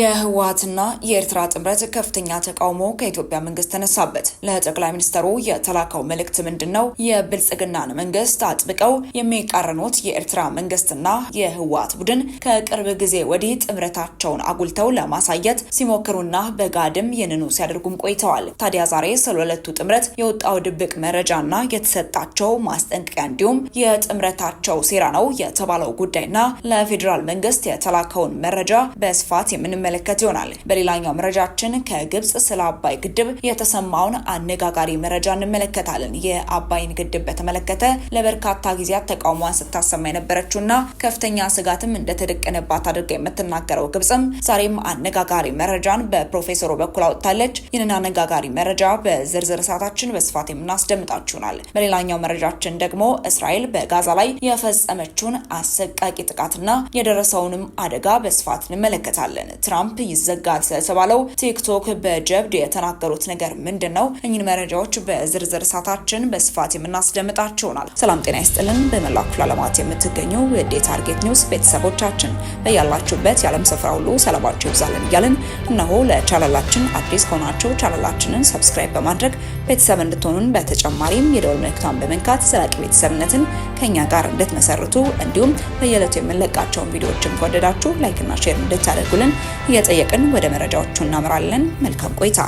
የህወሓትና የኤርትራ ጥምረት ከፍተኛ ተቃውሞ ከኢትዮጵያ መንግስት ተነሳበት። ለጠቅላይ ሚኒስትሩ የተላከው መልእክት ምንድን ነው? የብልጽግናን መንግስት አጥብቀው የሚቃረኑት የኤርትራ መንግስትና የህወሓት ቡድን ከቅርብ ጊዜ ወዲህ ጥምረታቸውን አጉልተው ለማሳየት ሲሞክሩና በጋድም ይህንኑ ሲያደርጉም ቆይተዋል። ታዲያ ዛሬ ስለ ሁለቱ ጥምረት የወጣው ድብቅ መረጃና የተሰጣቸው ማስጠንቀቂያ እንዲሁም የጥምረታቸው ሴራ ነው የተባለው ጉዳይና ለፌዴራል መንግስት የተላከውን መረጃ በስፋት የምንመ የምንመለከት ይሆናል። በሌላኛው መረጃችን ከግብጽ ስለ አባይ ግድብ የተሰማውን አነጋጋሪ መረጃ እንመለከታለን። የአባይን ግድብ በተመለከተ ለበርካታ ጊዜያት ተቃውሟን ስታሰማ የነበረችውና ከፍተኛ ስጋትም እንደተደቀነባት አድርጋ የምትናገረው ግብጽም ዛሬም አነጋጋሪ መረጃን በፕሮፌሰሩ በኩል አውጥታለች። ይህንን አነጋጋሪ መረጃ በዝርዝር ሰዓታችን በስፋት የምናስደምጣችሁናል። ይሆናል። በሌላኛው መረጃችን ደግሞ እስራኤል በጋዛ ላይ የፈጸመችውን አሰቃቂ ጥቃትና የደረሰውንም አደጋ በስፋት እንመለከታለን። ትራምፕ ይዘጋል ስለተባለው ቲክቶክ በጀብድ የተናገሩት ነገር ምንድን ነው? እኚህን መረጃዎች በዝርዝር ሳታችን በስፋት የምናስደምጣችሁ ይሆናል። ሰላም ጤና ይስጥልን። በመላው ክፍለ ዓለማት የምትገኙ የዴ ታርጌት ኒውስ ቤተሰቦቻችን በያላችሁበት የዓለም ስፍራ ሁሉ ሰላማችሁ ይብዛልን እያልን እነሆ ለቻናላችን አዲስ ከሆናችሁ ቻናላችንን ሰብስክራይብ በማድረግ ቤተሰብ እንድትሆኑን በተጨማሪም የደወል ምልክቷን በመንካት ዘላቂ ቤተሰብነትን ከኛ ጋር እንድትመሰርቱ እንዲሁም በየዕለቱ የምንለቃቸውን ቪዲዮዎችን ከወደዳችሁ ላይክና ሼር እንድታደርጉልን እየጠየቅን ወደ መረጃዎቹ እናምራለን። መልካም ቆይታ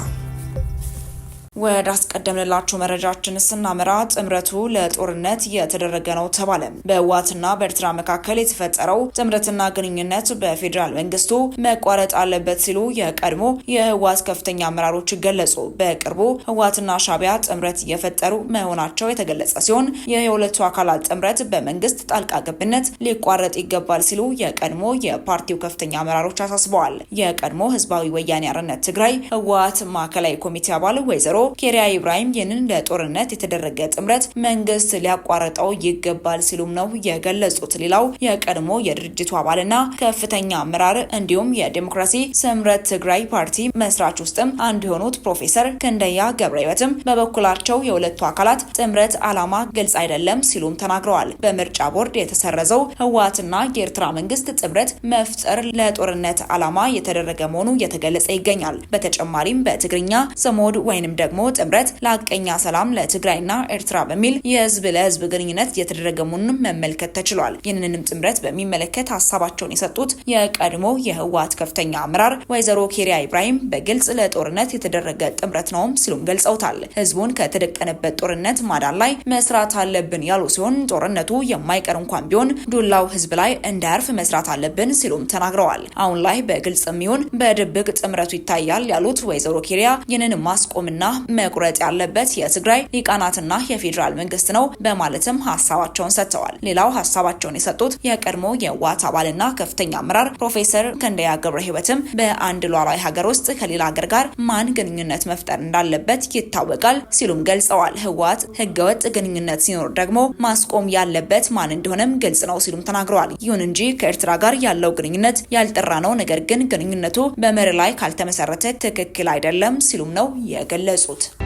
ወደ አስቀደምንላችሁ መረጃችን ስናመራ ጥምረቱ ለጦርነት የተደረገ ነው ተባለ። በህወሓትና በኤርትራ መካከል የተፈጠረው ጥምረትና ግንኙነት በፌዴራል መንግስቱ መቋረጥ አለበት ሲሉ የቀድሞ የህወሓት ከፍተኛ አመራሮች ገለጹ። በቅርቡ ህወሓትና ሻቢያ ጥምረት እየፈጠሩ መሆናቸው የተገለጸ ሲሆን የሁለቱ አካላት ጥምረት በመንግስት ጣልቃ ገብነት ሊቋረጥ ይገባል ሲሉ የቀድሞ የፓርቲው ከፍተኛ አመራሮች አሳስበዋል። የቀድሞ ህዝባዊ ወያኔ አርነት ትግራይ ህወሓት ማዕከላዊ ኮሚቴ አባል ወይዘሮ ኬሪያ ኢብራሂም ይህንን ለጦርነት የተደረገ ጥምረት መንግስት ሊያቋርጠው ይገባል ሲሉም ነው የገለጹት። ሌላው የቀድሞ የድርጅቱ አባልና ከፍተኛ አመራር እንዲሁም የዴሞክራሲ ስምረት ትግራይ ፓርቲ መስራች ውስጥም አንዱ የሆኑት ፕሮፌሰር ክንደያ ገብረ ሕይወትም በበኩላቸው የሁለቱ አካላት ጥምረት ዓላማ ግልጽ አይደለም ሲሉም ተናግረዋል። በምርጫ ቦርድ የተሰረዘው ህወሓትና የኤርትራ መንግስት ጥምረት መፍጠር ለጦርነት ዓላማ የተደረገ መሆኑ እየተገለጸ ይገኛል። በተጨማሪም በትግርኛ ዘሞድ ወይንም ደግሞ ደግሞ ጥምረት ለአቀኛ ሰላም ለትግራይና ኤርትራ በሚል የህዝብ ለህዝብ ግንኙነት እየተደረገ መሆኑንም መመልከት ተችሏል። ይህንንም ጥምረት በሚመለከት ሀሳባቸውን የሰጡት የቀድሞ የህወሀት ከፍተኛ አመራር ወይዘሮ ኬሪያ ኢብራሂም በግልጽ ለጦርነት የተደረገ ጥምረት ነውም ሲሉም ገልጸውታል። ህዝቡን ከተደቀነበት ጦርነት ማዳን ላይ መስራት አለብን ያሉ ሲሆን ጦርነቱ የማይቀር እንኳን ቢሆን ዱላው ህዝብ ላይ እንዳያርፍ መስራት አለብን ሲሉም ተናግረዋል። አሁን ላይ በግልጽ የሚሆን በድብቅ ጥምረቱ ይታያል ያሉት ወይዘሮ ኬሪያ ይህንን ማስቆምና መቁረጥ ያለበት የትግራይ ሊቃናትና የፌዴራል መንግስት ነው በማለትም ሀሳባቸውን ሰጥተዋል። ሌላው ሀሳባቸውን የሰጡት የቀድሞ የዋት አባልና ከፍተኛ አመራር ፕሮፌሰር ክንደያ ገብረ ህይወትም በአንድ ሉዓላዊ ሀገር ውስጥ ከሌላ ሀገር ጋር ማን ግንኙነት መፍጠር እንዳለበት ይታወቃል ሲሉም ገልጸዋል። ህወሓት ህገወጥ ግንኙነት ሲኖር ደግሞ ማስቆም ያለበት ማን እንደሆነም ግልጽ ነው ሲሉም ተናግረዋል። ይሁን እንጂ ከኤርትራ ጋር ያለው ግንኙነት ያልጠራ ነው፣ ነገር ግን ግንኙነቱ በመሪ ላይ ካልተመሰረተ ትክክል አይደለም ሲሉም ነው የገለጹ ያስታውሱት።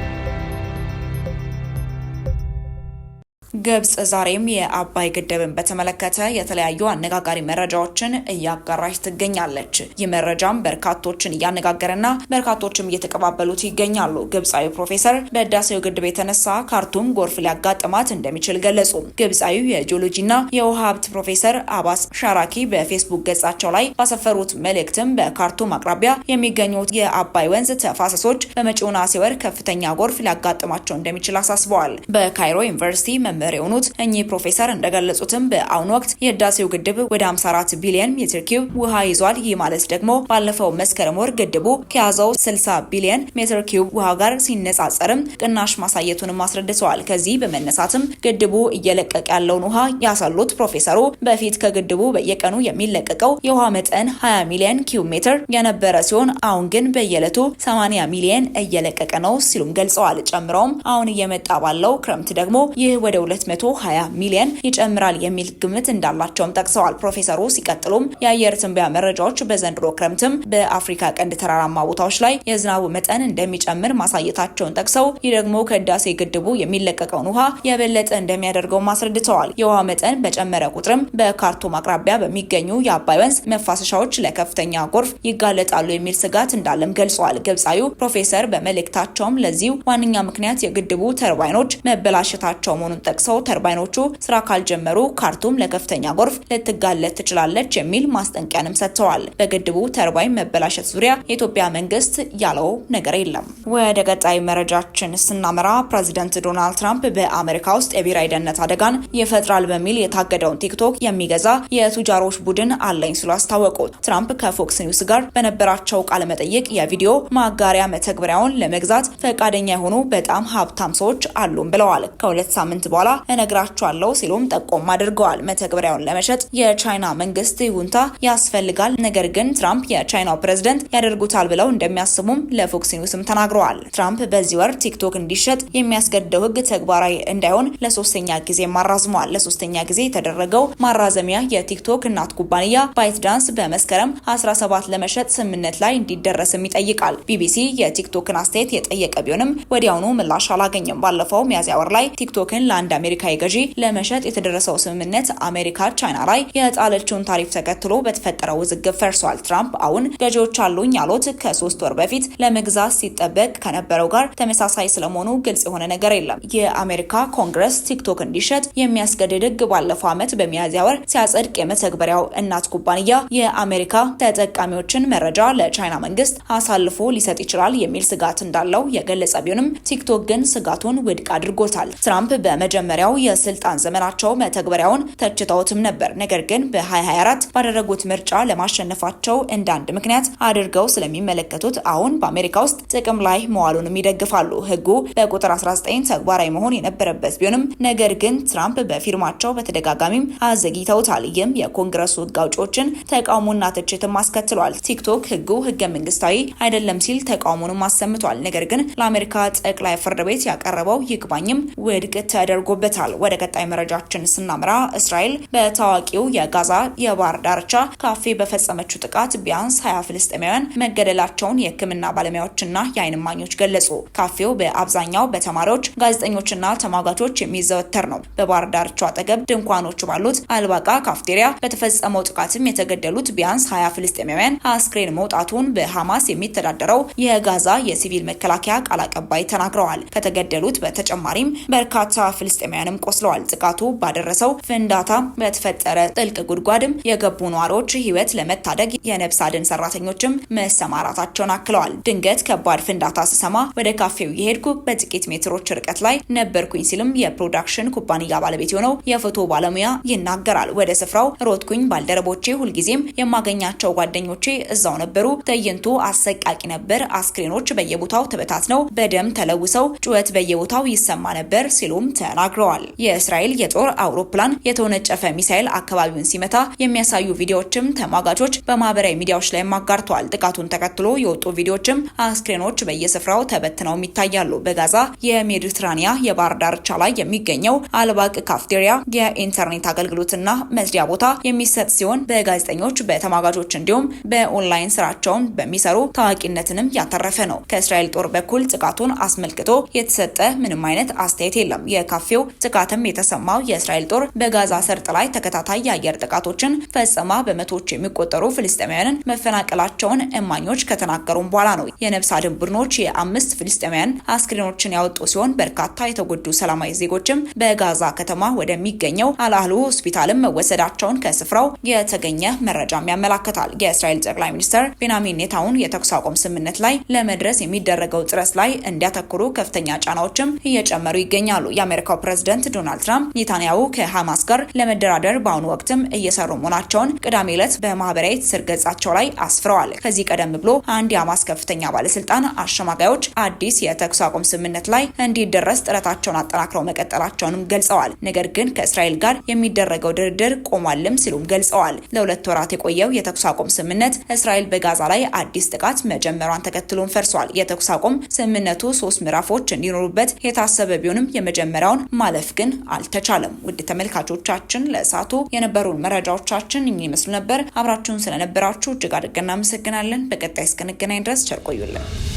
ግብጽ ዛሬም የአባይ ግድብን በተመለከተ የተለያዩ አነጋጋሪ መረጃዎችን እያጋራች ትገኛለች። ይህ መረጃም በርካቶችን እያነጋገረና በርካቶችም እየተቀባበሉት ይገኛሉ። ግብፃዊ ፕሮፌሰር በህዳሴው ግድብ የተነሳ ካርቱም ጎርፍ ሊያጋጥማት እንደሚችል ገለጹ። ግብፃዊው የጂኦሎጂና የውሃ ሀብት ፕሮፌሰር አባስ ሻራኪ በፌስቡክ ገጻቸው ላይ ባሰፈሩት መልእክትም በካርቱም አቅራቢያ የሚገኙት የአባይ ወንዝ ተፋሰሶች በመጪው ነሐሴ ወር ከፍተኛ ጎርፍ ሊያጋጥማቸው እንደሚችል አሳስበዋል። በካይሮ ዩኒቨርሲቲ መምህር መምህር የሆኑት እኚህ ፕሮፌሰር እንደገለጹትም በአሁኑ ወቅት የህዳሴው ግድብ ወደ 54 ቢሊዮን ሜትር ኪዩብ ውሃ ይዟል። ይህ ማለት ደግሞ ባለፈው መስከረም ወር ግድቡ ከያዘው 60 ቢሊዮን ሜትር ኪዩብ ውሃ ጋር ሲነጻጸርም ቅናሽ ማሳየቱንም አስረድተዋል። ከዚህ በመነሳትም ግድቡ እየለቀቀ ያለውን ውሃ ያሳሉት ፕሮፌሰሩ በፊት ከግድቡ በየቀኑ የሚለቀቀው የውሃ መጠን 20 ሚሊዮን ኪዩብ ሜትር የነበረ ሲሆን አሁን ግን በየዕለቱ 80 ሚሊዮን እየለቀቀ ነው ሲሉም ገልጸዋል። ጨምረውም አሁን እየመጣ ባለው ክረምት ደግሞ ይህ ወደ 220 ሚሊዮን ይጨምራል የሚል ግምት እንዳላቸውም ጠቅሰዋል። ፕሮፌሰሩ ሲቀጥሉም የአየር ትንበያ መረጃዎች በዘንድሮ ክረምትም በአፍሪካ ቀንድ ተራራማ ቦታዎች ላይ የዝናቡ መጠን እንደሚጨምር ማሳየታቸውን ጠቅሰው ይህ ደግሞ ከህዳሴ ግድቡ የሚለቀቀውን ውሃ የበለጠ እንደሚያደርገው አስረድተዋል። የውሃ መጠን በጨመረ ቁጥርም በካርቱም አቅራቢያ በሚገኙ የአባይ ወንዝ መፋሰሻዎች ለከፍተኛ ጎርፍ ይጋለጣሉ የሚል ስጋት እንዳለም ገልጸዋል። ግብፃዩ ፕሮፌሰር በመልእክታቸውም ለዚሁ ዋነኛ ምክንያት የግድቡ ተርባይኖች መበላሸታቸው መሆኑን ጠቅሰው ጠቅሰው ተርባይኖቹ ስራ ካልጀመሩ ካርቱም ለከፍተኛ ጎርፍ ልትጋለጥ ትችላለች የሚል ማስጠንቀቂያንም ሰጥተዋል። በግድቡ ተርባይን መበላሸት ዙሪያ የኢትዮጵያ መንግስት ያለው ነገር የለም። ወደ ቀጣይ መረጃችን ስናመራ ፕሬዚደንት ዶናልድ ትራምፕ በአሜሪካ ውስጥ የብሔራዊ ደህንነት አደጋን ይፈጥራል በሚል የታገደውን ቲክቶክ የሚገዛ የቱጃሮች ቡድን አለኝ ሲሉ አስታወቁት። ትራምፕ ከፎክስ ኒውስ ጋር በነበራቸው ቃለመጠይቅ የቪዲዮ ማጋሪያ መተግበሪያውን ለመግዛት ፈቃደኛ የሆኑ በጣም ሀብታም ሰዎች አሉም ብለዋል። ከሁለት ሳምንት በኋላ እነግራቸዋለሁ ሲሉም ጠቆም አድርገዋል። መተግበሪያውን ለመሸጥ የቻይና መንግስት ይሁንታ ያስፈልጋል፣ ነገር ግን ትራምፕ የቻይናው ፕሬዝደንት ያደርጉታል ብለው እንደሚያስቡም ለፎክስ ኒውስም ተናግረዋል። ትራምፕ በዚህ ወር ቲክቶክ እንዲሸጥ የሚያስገድደው ህግ ተግባራዊ እንዳይሆን ለሶስተኛ ጊዜ ማራዝሟል። ለሶስተኛ ጊዜ የተደረገው ማራዘሚያ የቲክቶክ እናት ኩባንያ ባይት ዳንስ በመስከረም 17 ለመሸጥ ስምምነት ላይ እንዲደረስም ይጠይቃል። ቢቢሲ የቲክቶክን አስተያየት የጠየቀ ቢሆንም ወዲያውኑ ምላሽ አላገኘም። ባለፈው ሚያዝያ ወር ላይ ቲክቶክን ለአንድ አሜሪካ ገዢ ለመሸጥ የተደረሰው ስምምነት አሜሪካ ቻይና ላይ የጣለችውን ታሪፍ ተከትሎ በተፈጠረው ውዝግብ ፈርሷል። ትራምፕ አሁን ገዢዎች አሉኝ ያሉት ከሶስት ወር በፊት ለመግዛት ሲጠበቅ ከነበረው ጋር ተመሳሳይ ስለመሆኑ ግልጽ የሆነ ነገር የለም። የአሜሪካ ኮንግረስ ቲክቶክ እንዲሸጥ የሚያስገድድ ህግ ባለፈው ዓመት በሚያዝያ ወር ሲያጸድቅ የመተግበሪያው እናት ኩባንያ የአሜሪካ ተጠቃሚዎችን መረጃ ለቻይና መንግስት አሳልፎ ሊሰጥ ይችላል የሚል ስጋት እንዳለው የገለጸ ቢሆንም ቲክቶክ ግን ስጋቱን ውድቅ አድርጎታል። ትራምፕ በመጀመ በመጀመሪያው የስልጣን ዘመናቸው መተግበሪያውን ተችተውትም ነበር። ነገር ግን በ2024 ባደረጉት ምርጫ ለማሸነፋቸው እንደ አንድ ምክንያት አድርገው ስለሚመለከቱት አሁን በአሜሪካ ውስጥ ጥቅም ላይ መዋሉንም ይደግፋሉ። ህጉ በቁጥር 19 ተግባራዊ መሆን የነበረበት ቢሆንም ነገር ግን ትራምፕ በፊርማቸው በተደጋጋሚም አዘግይተውታል። ይህም የኮንግረሱ ህግ አውጪዎችን ተቃውሞና ትችትም አስከትሏል። ቲክቶክ ህጉ ህገ መንግስታዊ አይደለም ሲል ተቃውሞንም አሰምቷል። ነገር ግን ለአሜሪካ ጠቅላይ ፍርድ ቤት ያቀረበው ይግባኝም ውድቅ ተደርጎ ተደርጎበታል። ወደ ቀጣይ መረጃችን ስናምራ እስራኤል በታዋቂው የጋዛ የባህር ዳርቻ ካፌ በፈጸመችው ጥቃት ቢያንስ ሀያ ፍልስጤማውያን መገደላቸውን የሕክምና ባለሙያዎችና የአይን እማኞች ገለጹ። ካፌው በአብዛኛው በተማሪዎች ጋዜጠኞችና ተሟጋቾች የሚዘወተር ነው። በባህር ዳርቻው አጠገብ ድንኳኖች ባሉት አልባቃ ካፍቴሪያ በተፈጸመው ጥቃትም የተገደሉት ቢያንስ ሀያ ፍልስጤማውያን አስክሬን መውጣቱን በሐማስ የሚተዳደረው የጋዛ የሲቪል መከላከያ ቃል አቀባይ ተናግረዋል። ከተገደሉት በተጨማሪም በርካታ ፍልስ ፍልስጤማውያንም ቆስለዋል። ጥቃቱ ባደረሰው ፍንዳታ በተፈጠረ ጥልቅ ጉድጓድም የገቡ ነዋሪዎች ሕይወት ለመታደግ የነፍስ አድን ሰራተኞችም መሰማራታቸውን አክለዋል። ድንገት ከባድ ፍንዳታ ስሰማ ወደ ካፌው የሄድኩ በጥቂት ሜትሮች ርቀት ላይ ነበርኩኝ ሲልም የፕሮዳክሽን ኩባንያ ባለቤት የሆነው የፎቶ ባለሙያ ይናገራል። ወደ ስፍራው ሮጥኩኝ። ባልደረቦቼ ሁልጊዜም የማገኛቸው ጓደኞቼ እዛው ነበሩ። ትዕይንቱ አሰቃቂ ነበር። አስክሬኖች በየቦታው ተበታትነው በደም ተለውሰው ጩኸት በየቦታው ይሰማ ነበር ሲሉም ተናግ ተናግረዋል። የእስራኤል የጦር አውሮፕላን የተወነጨፈ ሚሳኤል አካባቢውን ሲመታ የሚያሳዩ ቪዲዮዎችም ተሟጋቾች በማህበራዊ ሚዲያዎች ላይ አጋርተዋል። ጥቃቱን ተከትሎ የወጡ ቪዲዮዎችም አስክሬኖች በየስፍራው ተበትነው ይታያሉ። በጋዛ የሜዲትራኒያ የባህር ዳርቻ ላይ የሚገኘው አልባቅ ካፍቴሪያ የኢንተርኔት አገልግሎትና መስሪያ ቦታ የሚሰጥ ሲሆን በጋዜጠኞች በተሟጋቾች እንዲሁም በኦንላይን ስራቸውን በሚሰሩ ታዋቂነትንም ያተረፈ ነው። ከእስራኤል ጦር በኩል ጥቃቱን አስመልክቶ የተሰጠ ምንም አይነት አስተያየት የለም። የካፌው ጥቃትም የተሰማው የእስራኤል ጦር በጋዛ ሰርጥ ላይ ተከታታይ የአየር ጥቃቶችን ፈጽማ በመቶዎች የሚቆጠሩ ፍልስጤማውያንን መፈናቀላቸውን እማኞች ከተናገሩም በኋላ ነው። የነፍስ አድን ቡድኖች የአምስት ፍልስጤማውያን አስክሬኖችን ያወጡ ሲሆን በርካታ የተጎዱ ሰላማዊ ዜጎችም በጋዛ ከተማ ወደሚገኘው አልአህሉ ሆስፒታልም መወሰዳቸውን ከስፍራው የተገኘ መረጃም ያመላክታል። የእስራኤል ጠቅላይ ሚኒስትር ቤንያሚን ኔታውን የተኩስ አቁም ስምምነት ላይ ለመድረስ የሚደረገው ጥረት ላይ እንዲያተኩሩ ከፍተኛ ጫናዎችም እየጨመሩ ይገኛሉ። የአሜሪካው ፕሬዝደንት ዶናልድ ትራምፕ ኔታንያሁ ከሐማስ ጋር ለመደራደር በአሁኑ ወቅትም እየሰሩ መሆናቸውን ቅዳሜ ዕለት በማህበራዊ ትስስር ገጻቸው ላይ አስፍረዋል። ከዚህ ቀደም ብሎ አንድ የሐማስ ከፍተኛ ባለስልጣን አሸማጋዮች አዲስ የተኩስ አቁም ስምምነት ላይ እንዲደረስ ጥረታቸውን አጠናክረው መቀጠላቸውንም ገልጸዋል። ነገር ግን ከእስራኤል ጋር የሚደረገው ድርድር ቆሟልም ሲሉም ገልጸዋል። ለሁለት ወራት የቆየው የተኩስ አቁም ስምምነት እስራኤል በጋዛ ላይ አዲስ ጥቃት መጀመሯን ተከትሎም ፈርሷል። የተኩስ አቁም ስምምነቱ ሶስት ምዕራፎች እንዲኖሩበት የታሰበ ቢሆንም የመጀመሪያውን ማለፍ ግን አልተቻለም። ውድ ተመልካቾቻችን ለእሳቱ የነበሩን መረጃዎቻችን እኚህ ይመስሉ ነበር። አብራችሁን ስለነበራችሁ እጅግ አድርገን እናመሰግናለን። በቀጣይ እስክንገናኝ ድረስ ቸር ቆዩልን።